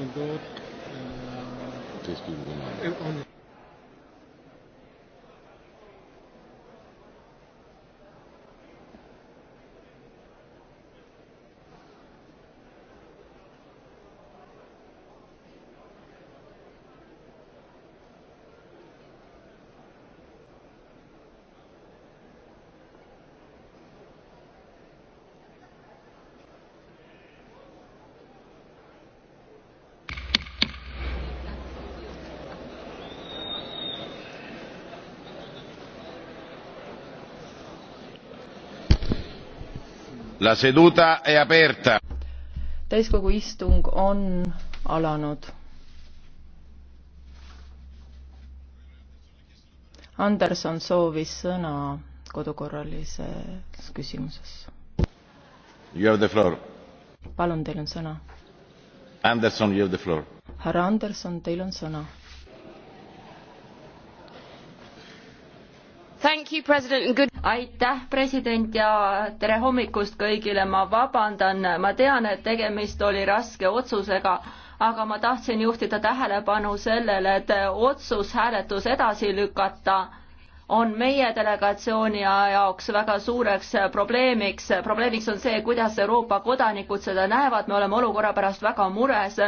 we got. Uh, La seduta è aperta. täiskogu istung on alanud. Anderson soovis sõna kodukorralises küsimuses. You have the floor. palun, teil on sõna. Anderson, you have the floor. härra Anderson, teil on sõna You, president. Good... aitäh president ja tere hommikust kõigile ma vabandan ma tean et tegemist oli raske otsusega aga ma tahtsin juhtida tähelepanu sellele et otsus hääletus edasi lükata on meie delegatsiooni jaoks väga suureks probleemiks probleemiks on see kuidas euroopa kodanikud seda näevad me oleme olukorra pärast väga mures